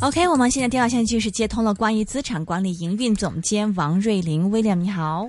OK，我們現在電話線就是接通了，冠一資產管理營運總監王瑞麟，William，你好。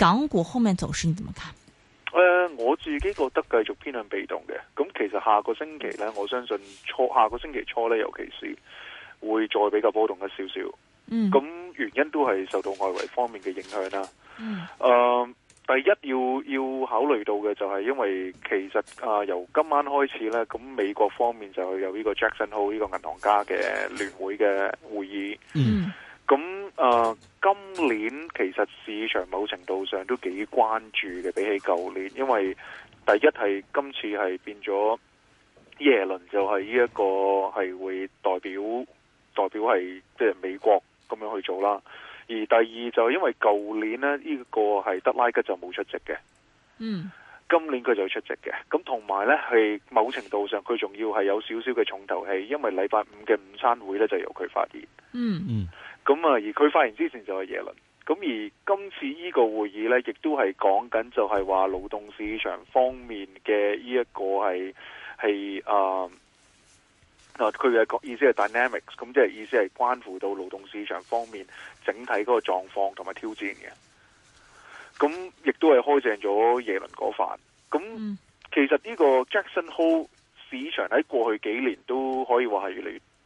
港股後面走勢你怎麼看？誒、呃，我自己覺得繼續偏向被動嘅。咁其實下個星期咧，我相信初下個星期初咧，尤其是會再比較波動一少少。嗯，咁原因都係受到外圍方面嘅影響啦。嗯，誒、呃，第一要要考慮到嘅就係因為其實、呃、由今晚開始咧，咁美國方面就係有呢個 Jackson Hole 呢個銀行家嘅聯會嘅會議。嗯。咁啊、呃，今年其實市場某程度上都幾關注嘅，比起舊年，因為第一係今次係變咗耶倫，就係呢一個係會代表代表係即係美國咁樣去做啦。而第二就因為舊年呢呢、呢個係德拉吉就冇出席嘅，嗯，今年佢就出席嘅。咁同埋呢，係某程度上佢仲要係有少少嘅重頭戲，因為禮拜五嘅午餐會呢，就由佢發言，嗯嗯。嗯咁啊！而佢發言之前就係耶倫，咁而今次呢個會議呢，亦都係講緊就係話勞動市場方面嘅呢一個係係佢嘅意思係 dynamics，咁即係意思係關乎到勞動市場方面整體嗰個狀況同埋挑戰嘅。咁亦都係開正咗耶倫嗰瓣。咁其實呢個 Jackson Hole 市場喺過去幾年都可以話係越嚟越。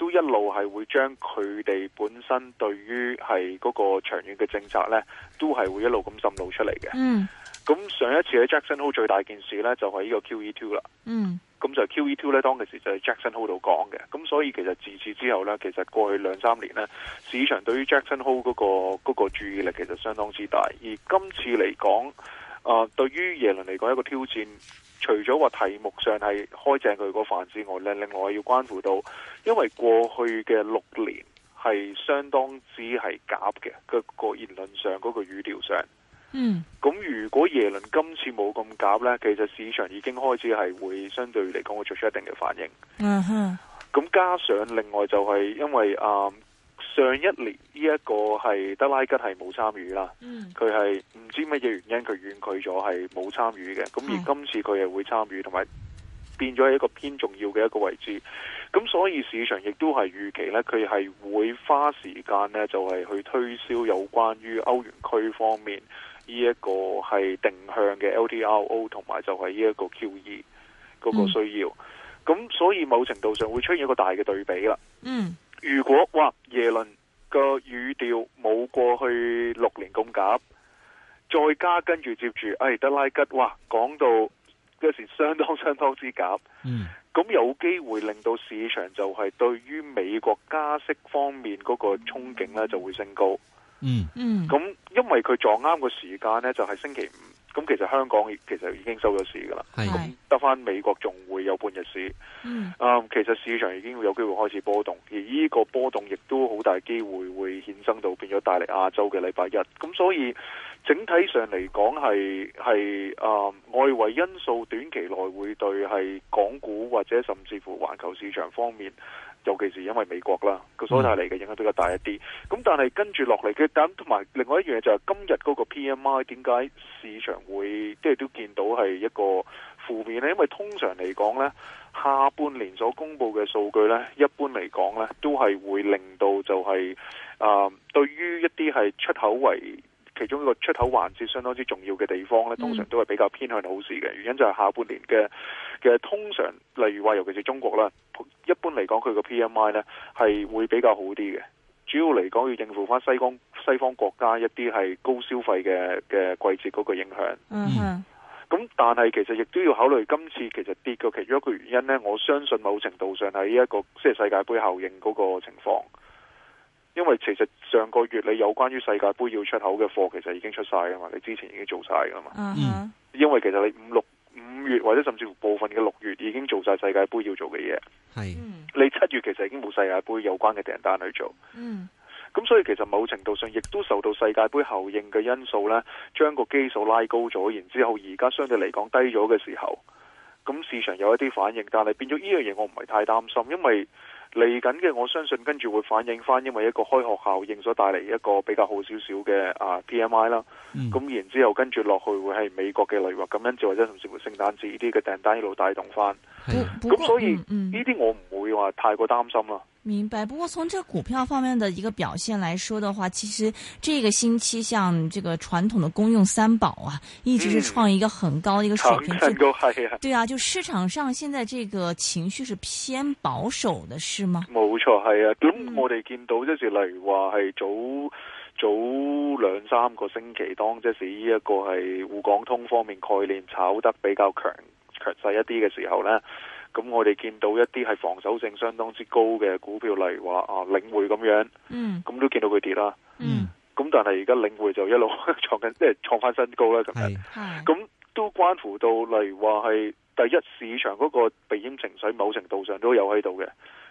都一路係會將佢哋本身對於係嗰個長遠嘅政策呢，都係會一路咁滲露出嚟嘅。嗯，咁上一次喺 Jackson Hole 最大件事呢，就係、是、呢個 QE Two 啦。嗯，咁就 QE Two 呢，當其時就係 Jackson Hole 度講嘅。咁所以其實自此之後呢，其實過去兩三年呢，市場對於 Jackson Hole 嗰個、嗰個注意力其實相當之大。而今次嚟講，啊、呃，對於耶倫嚟講一個挑戰。除咗話題目上係開正佢個範之外咧，另外要關乎到，因為過去嘅六年係相當之係夾嘅個個言論上嗰個語調上，嗯，咁如果耶倫今次冇咁夾呢，其實市場已經開始係會相對嚟講會作出一定嘅反應，嗯哼，咁加上另外就係因為啊。嗯上一年呢一、這個係德拉吉係冇參與啦，佢係唔知乜嘢原因佢婉拒咗係冇參與嘅，咁、嗯、而今次佢係會參與，同埋變咗一個偏重要嘅一個位置，咁所以市場亦都係預期咧，佢係會花時間咧，就係、是、去推銷有關於歐元區方面呢一、這個係定向嘅 LTRO 同埋就係呢一個 QE 嗰個需要，咁、嗯、所以某程度上會出現一個大嘅對比啦。嗯。如果話耶倫個語調冇過去六年咁夾，再加跟住接住，哎德拉吉話講到有時相當相當之夾，嗯，咁有機會令到市場就係對於美國加息方面嗰個憧憬呢就會升高，嗯嗯，咁因為佢撞啱個時間呢，就係星期五。咁其實香港其實已經收咗市㗎喇，咁得返美國仲會有半日市。嗯，啊，其實市場已經會有機會開始波動，而呢個波動亦都好大機會會衍生到變咗大嚟亞洲嘅禮拜一。咁所以整體上嚟講，係係、呃、外圍因素短期內會對係港股或者甚至乎環球市場方面。尤其是因為美國啦，佢所帶嚟嘅影響比較大一啲。咁、嗯、但係跟住落嚟嘅，咁同埋另外一樣嘢就係今日嗰個 PMI 點解市場會即係、就是、都見到係一個負面呢？因為通常嚟講呢，下半年所公布嘅數據呢，一般嚟講呢，都係會令到就係、是、啊、呃，對於一啲係出口為。其中一個出口環節相當之重要嘅地方呢，通常都係比較偏向好事嘅，原因就係下半年嘅嘅通常，例如話尤其是中國啦，一般嚟講佢個 PMI 呢係會比較好啲嘅。主要嚟講要應付翻西方西方國家一啲係高消費嘅嘅季節嗰個影響。嗯、mm，咁、hmm. 但係其實亦都要考慮今次其實跌嘅其中一個原因呢，我相信某程度上係一個即係世界杯效應嗰個情況。因為其實上個月你有關於世界杯要出口嘅貨，其實已經出晒噶嘛，你之前已經做晒噶嘛。Uh huh. 因為其實你五六五月或者甚至乎部分嘅六月已經做晒世界杯要做嘅嘢。Uh huh. 你七月其實已經冇世界杯有關嘅訂單去做。咁、uh huh. 所以其實某程度上亦都受到世界杯效應嘅因素呢，將個基數拉高咗，然之後而家相對嚟講低咗嘅時候，咁市場有一啲反應，但係變咗呢樣嘢，我唔係太擔心，因為。嚟緊嘅，我相信跟住會反映翻，因為一個開學效應所帶嚟一個比較好少少嘅啊 P M I 啦，咁、嗯、然之後跟住落去會係美國嘅旅遊，咁因此或者甚至乎聖誕節呢啲嘅訂單一路帶動翻，咁、啊、所以呢啲、嗯嗯、我唔會話太過擔心啦。明白。不過從這股票方面的一個表現來說的話，其實這個星期像這個傳統的公用三寶啊，嗯、一直是創一個很高的一個水平。強成交係啊。對啊，就市場上現在這個情緒是偏保守的，是嗎？冇錯係啊，咁、嗯嗯、我哋見到即是例如話係早早兩三個星期，當即是呢一個係滬港通方面概念炒得比較強強勢一啲嘅時候呢咁我哋見到一啲係防守性相當之高嘅股票，例如話啊領匯咁樣，咁、嗯、都見到佢跌啦。咁、嗯、但係而家領匯就一路創緊，即係創翻新高啦咁樣。咁是都關乎到例如話係第一市場嗰個避險情緒，某程度上都有喺度嘅。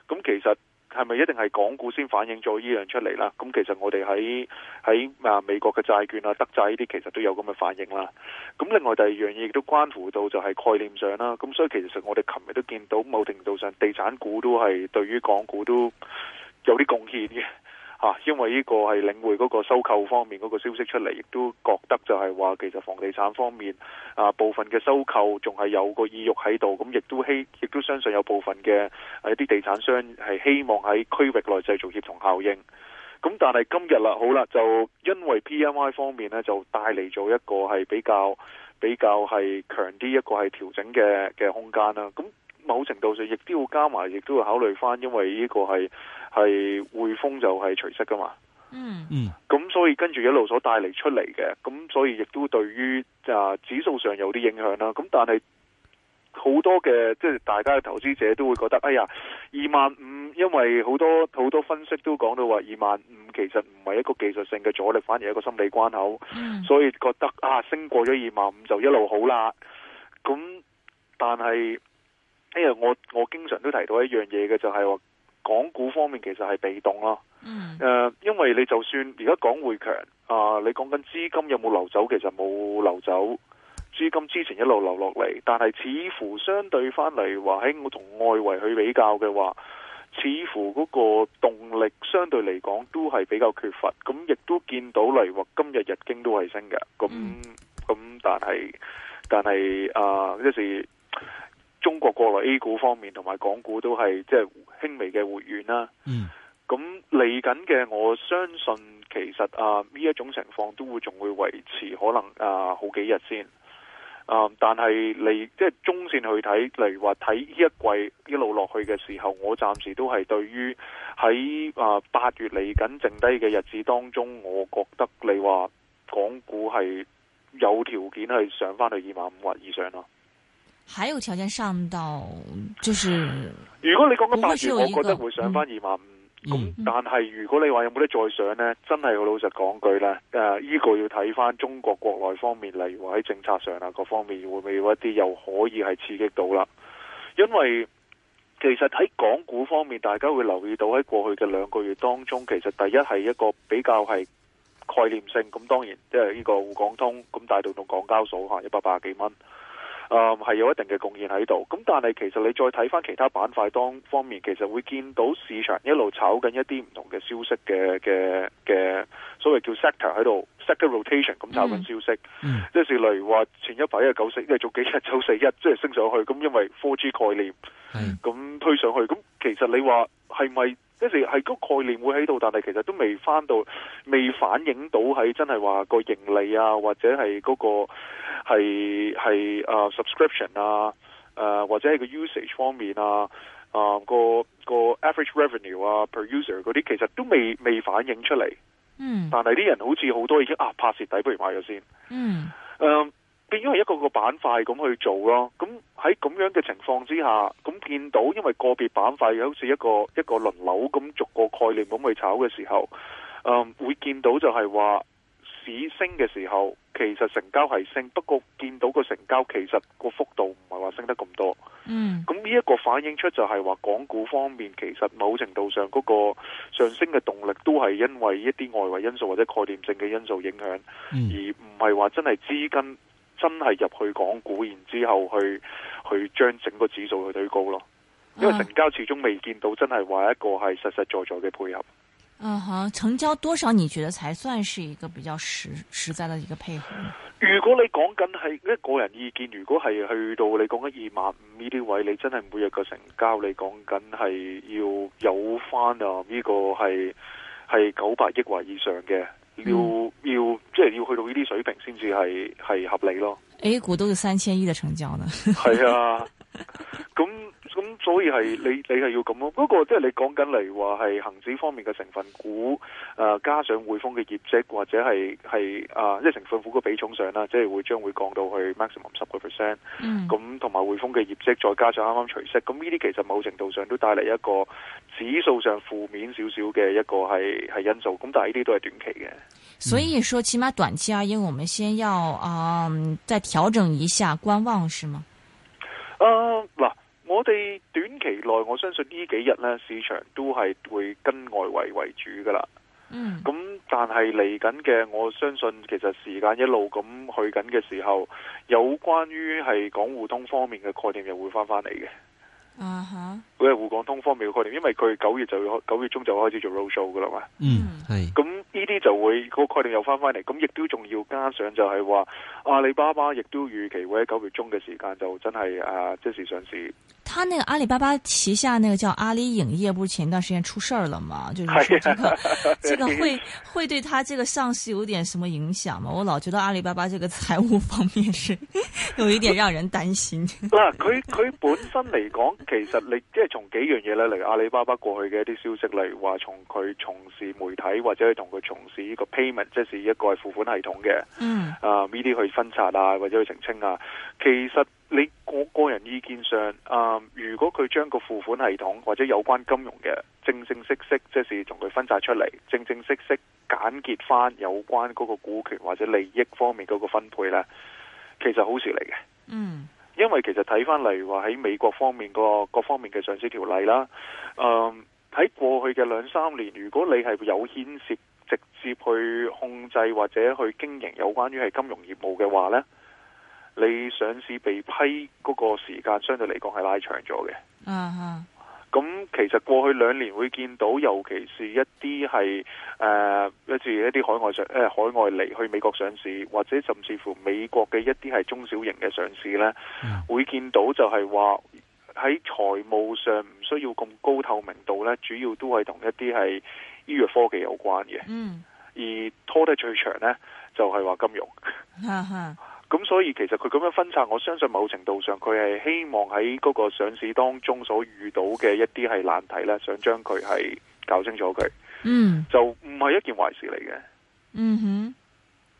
咁其實。係咪一定係港股先反映咗呢樣出嚟啦？咁其實我哋喺喺啊美國嘅債券啊、德債呢啲其實都有咁嘅反應啦。咁另外第二樣嘢亦都關乎到就係概念上啦。咁所以其實我哋琴日都見到某程度上地產股都係對於港股都有啲貢獻嘅。啊，因為呢個係領會嗰個收購方面嗰個消息出嚟，亦都覺得就係話其實房地產方面啊部分嘅收購仲係有個意欲喺度，咁亦都希，亦都相信有部分嘅一啲地產商係希望喺區域內製造協同效應。咁但係今日啦，好啦，就因為 PMI 方面呢，就帶嚟咗一個係比較比較係強啲一,一個係調整嘅嘅空間啦。咁某程度上亦都要加埋，亦都要考慮翻，因為呢個係。係匯豐就係除息噶嘛。嗯嗯，咁、嗯、所以跟住一路所帶嚟出嚟嘅，咁所以亦都對於啊指數上有啲影響啦。咁但係好多嘅即係大家嘅投資者都會覺得，哎呀，二萬五，因為好多好多分析都講到話二萬五其實唔係一個技術性嘅阻力，反而係一個心理關口，嗯、所以覺得啊，升過咗二萬五就一路好啦。咁但係，因、哎、為我我經常都提到一樣嘢嘅就係、是、話。港股方面其實係被動咯，誒、嗯呃，因為你就算而家港匯強啊、呃，你講緊資金有冇流走，其實冇流走，資金之前一路流落嚟，但係似乎相對翻嚟話喺我同外圍去比較嘅話，似乎嗰個動力相對嚟講都係比較缺乏，咁亦都見到嚟話今日日經都係升嘅，咁咁、嗯、但係但係啊，即、呃、時。就是中國國內 A 股方面，同埋港股都係即係輕微嘅回軟啦，啊。嗯，咁嚟緊嘅我相信其實啊呢一種情況都會仲會維持可能啊好幾日先。啊，但係嚟，即、就、係、是、中線去睇，例如話睇呢一季一路落去嘅時候，我暫時都係對於喺啊八月嚟緊剩低嘅日子當中，我覺得你話港股係有條件係上翻去二萬五或以上咯。還有條件上到，就是如果你講緊八月，我覺得會上翻二萬五。咁，嗯，但係如果你話有冇得再上呢？真係好老實講句呢，誒、呃、呢、呢個要睇翻中國國內方面，例如話喺政策上啊，各方面會唔會有一啲又可以係刺激到啦？因為其實喺港股方面，大家會留意到喺過去嘅兩個月當中，其實第一係一個比較係概念性。咁當然這，即係呢個滬港通咁帶動到港交所吓一百八十幾蚊。嗯，係有一定嘅貢獻喺度。咁但係其實你再睇翻其他板塊當方面，其實會見到市場一路炒緊一啲唔同嘅消息嘅嘅嘅，所謂叫 sector 喺度 sector rotation 咁炒緊消息。即、嗯嗯、是說例如話前一排，一九四一，因為早幾日走四一即係升上去，咁因為科技概念，咁、嗯、推上去，咁其實你話係咪？即係係個概念會喺度，但係其實都未翻到，未反映到喺真係話個盈利啊，或者係嗰個係係、uh, subscription 啊，誒、uh, 或者係個 usage 方面啊，啊、uh, 個個 average revenue 啊 per user 嗰啲，其實都未未反映出嚟。嗯，mm. 但係啲人好似好多已經啊，怕蝕底不如買咗先。嗯，嗯。變咗係一個個板塊咁去做咯，咁喺咁樣嘅情況之下，咁見到因為個別板塊好似一個一個輪流咁逐個概念咁去炒嘅時候，嗯，會見到就係話市升嘅時候，其實成交係升，不過見到個成交其實個幅度唔係話升得咁多，嗯，咁呢一個反映出就係話港股方面其實某程度上嗰個上升嘅動力都係因為一啲外圍因素或者概念性嘅因素影響，而唔係話真係資金。真係入去港股，然之後去去將整個指數去推高咯，因為成交始終未見到真係話一個係實實在在嘅配合。嗯、uh huh, 成交多少你覺得才算是一個比較實實在嘅一個配合？如果你講緊係一個人意見，如果係去到你講緊二萬五呢啲位，你真係每日個成交，你講緊係要有翻啊呢個係係九百億或以上嘅。要要即係要去到呢啲水平先至係係合理咯。A 股都有三千億嘅成交呢。係 啊，咁。咁所以係你你係要咁咯，不過即係你講緊嚟話係恒指方面嘅成分股誒、呃，加上匯豐嘅業績或者係係誒，即係、呃就是、成分股嘅比重上啦，即係會將會降到去 maximum 十個 percent。咁同埋匯豐嘅業績，再加上啱啱除息，咁呢啲其實某程度上都帶嚟一個指數上負面少少嘅一個係係因素。咁但係呢啲都係短期嘅。嗯、所以說，起碼短期、啊、因為，我們先要啊、呃、再調整一下，觀望是嗎？誒嗱、啊。啊我哋短期內，我相信呢幾日呢市場都係會跟外圍為主噶啦。咁、mm. 但係嚟緊嘅，我相信其實時間一路咁去緊嘅時候，有關於系港互通方面嘅概念又會翻返嚟嘅。Uh huh. 佢係滬港通方面嘅概念，因為佢九月就開，九月中就開始做 roadshow 嘅啦嘛。嗯，係。咁呢啲就會，個概念又翻翻嚟，咁亦都仲要加上就係話阿里巴巴亦都預期會喺九月中嘅時間就真係啊即時上市。他那個阿里巴巴旗下那個叫阿里影業，不是前段時間出事了嘛？就是這個、啊、這個會 會對他這個上市有點什麼影響嘛？我老覺得阿里巴巴這個財務方面是有一點讓人擔心。嗱， 佢佢本身嚟講，其實你即係。從幾樣嘢咧嚟阿里巴巴過去嘅一啲消息嚟話，從佢從事媒體或者係同佢從事呢個 payment，即是一個是付款系統嘅。嗯。Mm. 啊，呢啲去分拆啊，或者去澄清啊。其實你個個人意見上，啊，如果佢將個付款系統或者有關金融嘅正正式式，即是同佢分拆出嚟，正正式式簡潔翻有關嗰個股權或者利益方面嗰個分配咧，其實好事嚟嘅。嗯。Mm. 因為其實睇返例如話喺美國方面個各方面嘅上市條例啦，誒、嗯、喺過去嘅兩三年，如果你係有牽涉直接去控制或者去經營有關於係金融業務嘅話呢，你上市被批嗰個時間相對嚟講係拉長咗嘅。嗯、uh。Huh. 咁其實過去兩年會見到，尤其是一啲係誒一至一啲海外上誒海外嚟去美國上市，或者甚至乎美國嘅一啲係中小型嘅上市咧，嗯、會見到就係話喺財務上唔需要咁高透明度咧，主要都係同一啲係醫藥科技有關嘅。嗯，而拖得最長咧，就係話金融。 咁所以其實佢咁樣分拆，我相信某程度上佢係希望喺嗰個上市當中所遇到嘅一啲係難題咧，想將佢係搞清楚佢，嗯，就唔係一件壞事嚟嘅，嗯哼。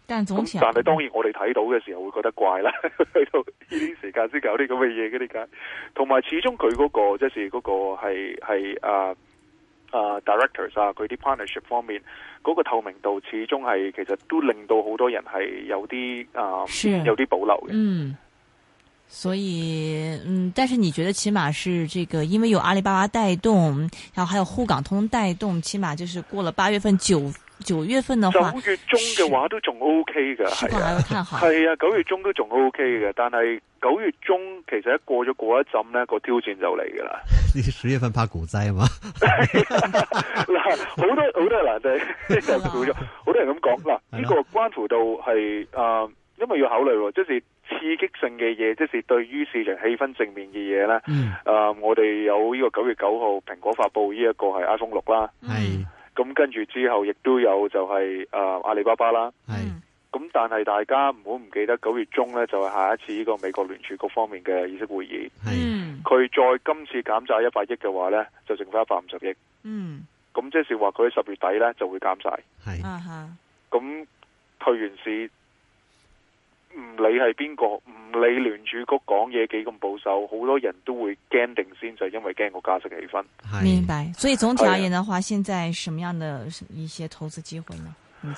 但係總但係當然我哋睇到嘅時候會覺得怪啦，去到呢啲時間先搞啲咁嘅嘢嘅啲間，同埋始終佢嗰個即係嗰個係係啊誒 directors 啊，佢啲 partnership 方面嗰個透明度始終係其實都令到好多人係有啲啊，uh, Sure. 有啲保留嘅。Mm. 所以，嗯，但是你覺得起碼是這個，因為有阿里巴巴帶動，然後還有滬港通帶動，起碼就是過了八月份九九月份的話，九月中嘅話都仲 OK 嘅，情況還會看好。係啊，九月中都仲 OK 嘅，但係九月中其實一過咗過一陣咧，個挑戰就嚟噶啦。你十月份怕股災啊嘛？嗱， 好多好多人都即係講咗，好多人咁講嗱，呢 Right. 個關乎到係啊。呃因為要考慮，即是刺激性嘅嘢，即是對於市場氣氛正面嘅嘢呢誒，我哋有呢個九月九號蘋果發布呢一個係 iPhone 六啦。咁跟住之後，亦都有就係誒阿里巴巴啦。咁，但係大家唔好唔記得九月中呢就係下一次呢個美國聯儲局方面嘅議息會議。佢再今次減晒一百億嘅話呢，就剩翻一百五十億。嗯，咁即是話佢喺十月底呢就會減晒。係咁退完市。唔理係邊個，唔理聯儲局講嘢幾咁保守，好多人都會驚定先，就係、是、因為驚個加息氣氛。是明白。所以總體而言的話，啊、現在什麼樣的一些投資機會呢？而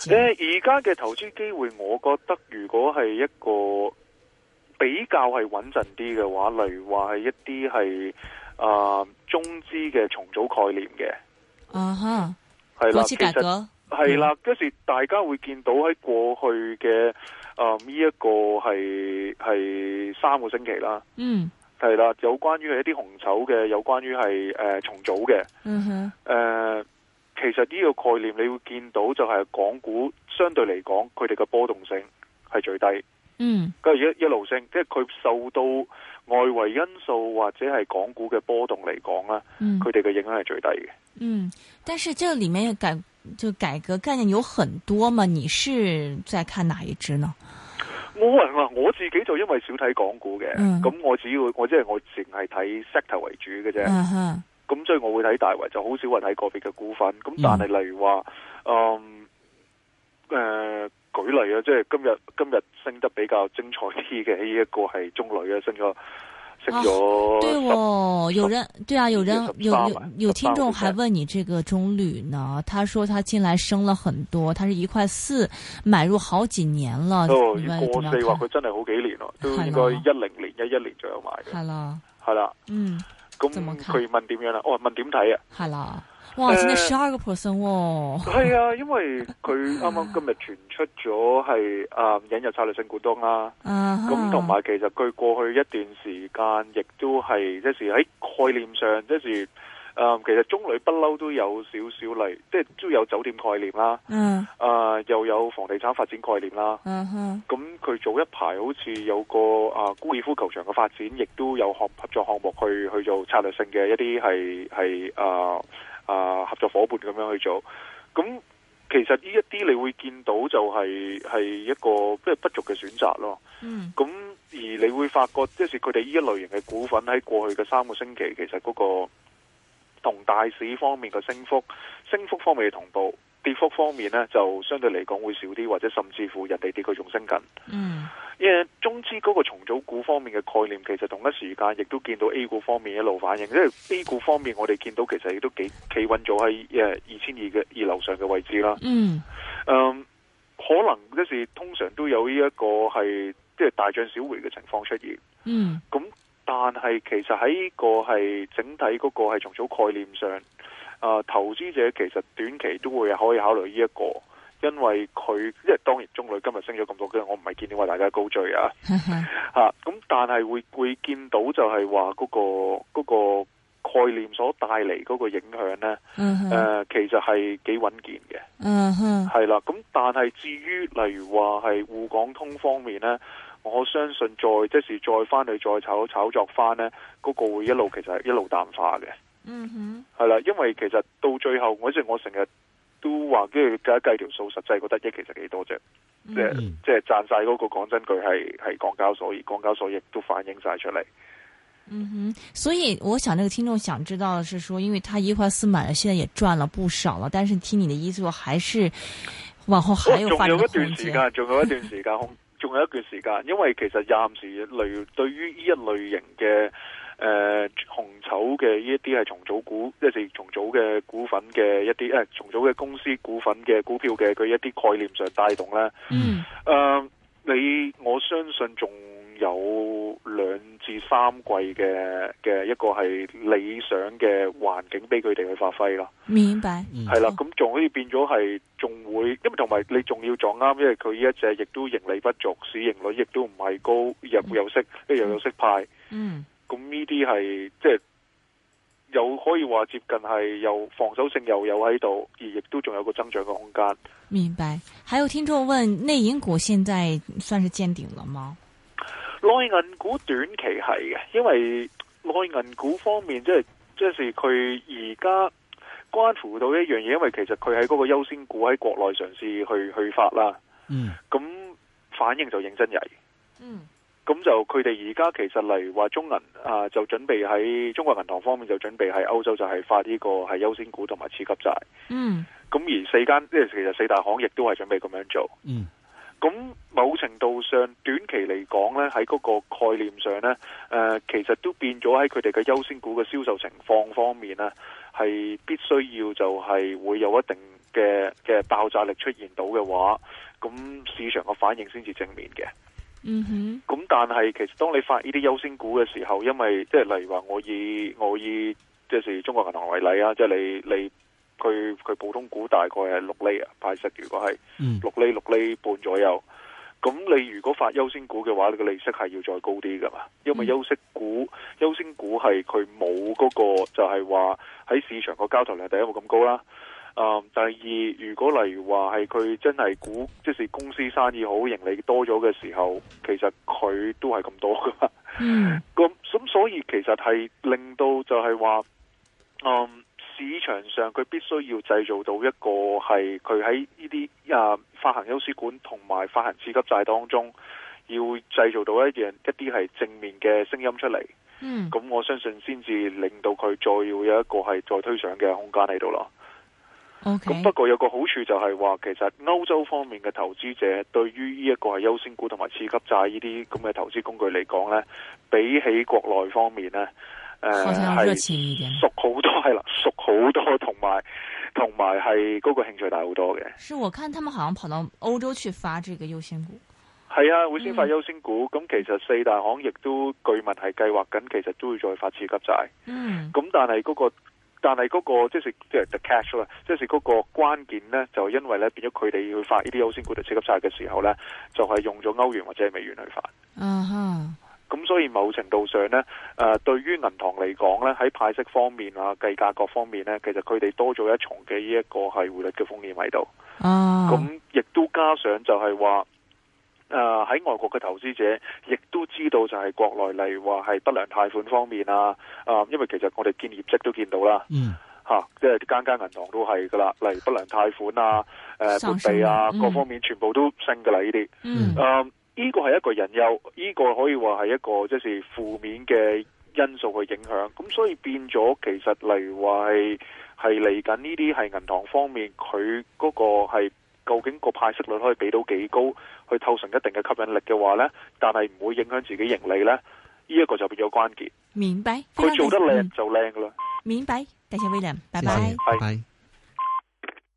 家嘅投資機會，我覺得如果係一個比較係穩陣啲嘅話，例如話係一啲係啊中資嘅重組概念嘅。啊哈，係啦，其實係啦，嗰時、嗯、大家會見到喺過去嘅。誒，呢一個係係三個星期啦，嗯，係啦，有關於一啲紅籌嘅，有關於係誒、呃、重組嘅，嗯哼，誒、呃，其實呢個概念你會見到就係港股相對嚟講，佢哋嘅波動性係最低，嗯，跟住一一路升，即係佢受到。外圍因素或者係港股嘅波動嚟講咧，佢哋嘅影響係最低嘅。嗯，但係這裏面改就改革概念有很多嘛？你是在看哪一支呢？我話我自己就因為少睇港股嘅，咁、嗯、我只要我即係我淨係睇 sector 為主嘅啫。咁、嗯、所以我會睇大圍就好少話睇個別嘅股份。咁、嗯、但係例如話，嗯、呃，誒、呃。舉例啊，即係今日今日升得比較精彩啲嘅呢一個係中旅啊，升咗升咗。對哦，有人對啊，有人有有有聽眾還問你這個中旅呢？他說他進來升了很多，他是一塊四買入好幾年啦。哦，呢四話佢真係好幾年咯，都應該一零年一一年左右買嘅。係啦，係啦，嗯。咁佢問點樣啊？我，哦，問點睇啊？係啦。哇！呃、真係十二個 percent 喎，係、哦嗯、啊，因為佢啱啱今日傳出咗係啊引入策略性股東啦。咁同埋，huh. 其實佢過去一段時間亦都係，即、就是喺概念上，即、就是誒、嗯，其實中旅不嬲都有少少嚟，即、就、係、是、都有酒店概念啦。嗯、uh，誒、huh. 呃、又有房地產發展概念啦。嗯，咁佢早一排好似有個啊高爾夫球場嘅發展，亦都有合合作項目去去做策略性嘅一啲係係啊。是呃啊！合作伙伴咁樣去做，咁其實呢一啲你會見到就係、係、一個即係不俗嘅選擇咯。嗯，咁而你會發覺，即是佢哋呢一類型嘅股份喺過去嘅三個星期，其實嗰個同大市方面嘅升幅、升幅方面嘅同步。跌幅方面呢，就相對嚟講會少啲，或者甚至乎人哋跌佢仲升緊。嗯，mm. 因為中資嗰個重組股方面嘅概念，其實同一時間亦都見到 A 股方面一路反應。因為 A 股方面，我哋見到其實亦都幾企穩咗喺誒二千二嘅二樓上嘅位置啦。嗯，誒，可能即是通常都有呢一個係即係大漲小回嘅情況出現。嗯，咁但係其實喺個係整體嗰個係重組概念上。啊！投資者其實短期都會可以考慮呢、這、一個，因為佢即係當然中旅今日升咗咁多，所以我唔係建議話大家高追啊。嚇、 啊！咁但係會會見到就係話嗰個嗰個概念所帶嚟嗰個影響咧，誒 啊、其實係幾穩健嘅。嗯哼， 係啦。咁但係至於例如話係滬港通方面咧，我相信再即時再翻去再炒炒作翻咧，嗰、那個會一路其實係一路淡化嘅。嗯哼，係啦，mm hmm.，因為其實到最後，我即係我成日都話跟住計一計條數，實際個得益其實幾多啫，mm hmm.，即係即係賺晒嗰個。講真句係係港交所，而港交所亦都反映晒出嚟。嗯哼，mm，hmm. 所以我想，呢個聽眾想知道嘅係說，因為他一塊四買啦，現在也賺了不少了，但是聽你的意思，還是往後還有發展空間，哦，還有一段時間，仲有一段時間，仲 有一段時間，因為其實暫時類對於呢一類型嘅。誒、呃，紅籌嘅呢一啲係重組股，即係重組嘅股份嘅一啲誒，重組嘅公司股份嘅股票嘅佢一啲概念上帶動咧、嗯呃。嗯，誒，你我相信仲有兩至三季嘅嘅一個係理想嘅環境俾佢哋去發揮啦。明白。係啦，咁仲可以變咗係，仲會因為同埋你仲要撞啱，因為佢呢一隻亦都盈利不足，市盈率亦都唔係高，又會有息，即又、嗯、有息派嗯。嗯。咁呢啲係即係又可以話接近係又防守性又有喺度，而亦都仲有個增長嘅空間。明白。還有聽眾問：內銀股現在算是見頂了嗎？內銀股短期係嘅，因為內銀股方面即係即係佢而家關乎到一樣嘢，因為其實佢喺嗰個優先股喺國內嘗試去去發啦。嗯，咁反應就認真啲。嗯。咁就佢哋而家其實例如話中銀啊，就準備喺中國銀行方面就準備喺歐洲就係發呢個係優先股同埋次級債。嗯。咁而四間即係其實四大行亦都係準備咁樣做。嗯。咁某程度上短期嚟講咧，喺嗰個概念上咧，誒、呃，其實都變咗喺佢哋嘅優先股嘅銷售情況方面咧，係必須要就係會有一定嘅嘅爆炸力出現到嘅話，咁市場嘅反應先至正面嘅。嗯哼，咁但係其實當你發呢啲優先股嘅時候，因為即係例如話我以我以即係中國銀行為例啊，即係你你佢佢普通股大概係六厘啊，派息如果係六厘六厘半左右，咁你如果發優先股嘅話，你個利息係要再高啲噶嘛，因為優息股、嗯、優先股係佢冇嗰個就係話喺市場個交投量第一冇咁高啦、啊。嗯，um，第二，如果例如話係佢真係估，即、就是公司生意好，盈利多咗嘅時候，其實佢都係咁多噶。嗯，咁咁 所以其實係令到就係話，嗯，市場上佢必須要製造到一個係佢喺呢啲啊發行優先股同埋發行次級債當中，要製造到一樣一啲係正面嘅聲音出嚟。嗯，咁我相信先至令到佢再要有一個係再推上嘅空間喺度咯。咁 Okay. 不過有個好處就係話，其實歐洲方面嘅投資者對於呢一個係優先股同埋次級債呢啲咁嘅投資工具嚟講呢，比起國內方面呢，誒、呃、熟好多係啦，熟好多，同埋同埋係嗰個興趣大好多嘅。是我看他們好像跑到歐洲去發這個優先股。係啊，會先發優先股，咁、嗯、其實四大行亦都據聞係計劃緊，其實都會再發次級債。嗯。咁但係嗰、那個。但係嗰、那個即係即係 the cash 啦，即係嗰個關鍵咧，就因為咧變咗佢哋要發呢啲優先股嚟刺激晒嘅時候咧，就係、是、用咗歐元或者美元去發。嗯哼、uh，咁、huh. 所以某程度上咧、呃，對於銀行嚟講咧，喺派息方面啊、計價各方面咧，其實佢哋多咗一重嘅呢一個係匯率嘅風險喺度。咁、uh huh. 亦都加上就係話。誒喺、呃、外國嘅投資者，亦都知道就係國內，例如話係不良貸款方面啊，啊、呃，因為其實我哋見業績都見到啦，嚇、嗯啊，即係間間銀行都係噶啦，例如不良貸款啊、誒、呃、撥備啊、嗯、各方面全部都升噶啦呢啲，誒依、嗯呃呢個係一個隱憂，呢、呢個可以話係一個即係負面嘅因素去影響，咁所以變咗其實例如話係係嚟緊呢啲係銀行方面佢嗰個係。究竟個派息率可以俾到幾高，去透成一定嘅吸引力嘅話呢？但係唔會影響自己盈利咧，呢一個就變咗關鍵。明白，佢做得靚就靚噶啦。拜拜。多謝 William。